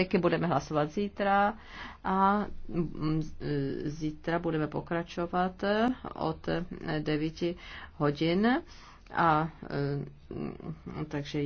statistiky budeme hlasovat zítra a mm, e, zítra budeme pokračovat od 9 hodin. A e, mm, takže